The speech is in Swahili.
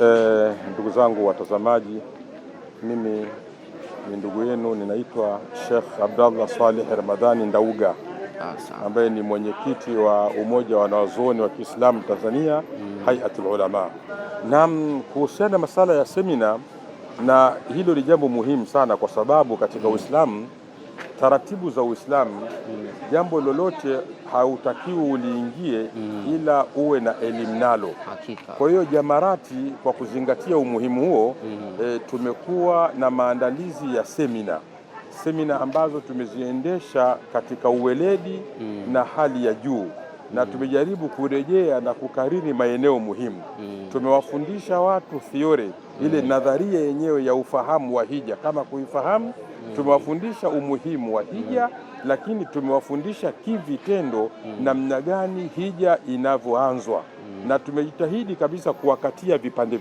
Eh, ndugu zangu watazamaji, mimi ni ndugu yenu, ninaitwa Sheikh Abdallah Saleh Ramadhani Ndauga ambaye ni mwenyekiti wa umoja wa wanazuoni wa Kiislamu Tanzania, hmm. Hayatul Ulama. Naam, kuhusiana masala ya semina, na hilo ni jambo muhimu sana kwa sababu katika mm. Uislamu hmm taratibu za Uislamu mm. jambo lolote hautakiwi uliingie mm. ila uwe na elimu nalo. Kwa hiyo Jamarati, kwa kuzingatia umuhimu huo mm. e, tumekuwa na maandalizi ya semina semina ambazo tumeziendesha katika uweledi mm. na hali ya juu na tumejaribu kurejea na kukariri maeneo muhimu. Mm. Tumewafundisha watu theory ile mm. nadharia yenyewe ya ufahamu wa hija kama kuifahamu. Mm. Tumewafundisha umuhimu wa hija, lakini tumewafundisha kivitendo namna gani hija inavyoanzwa, na tumejitahidi kabisa kuwakatia vipande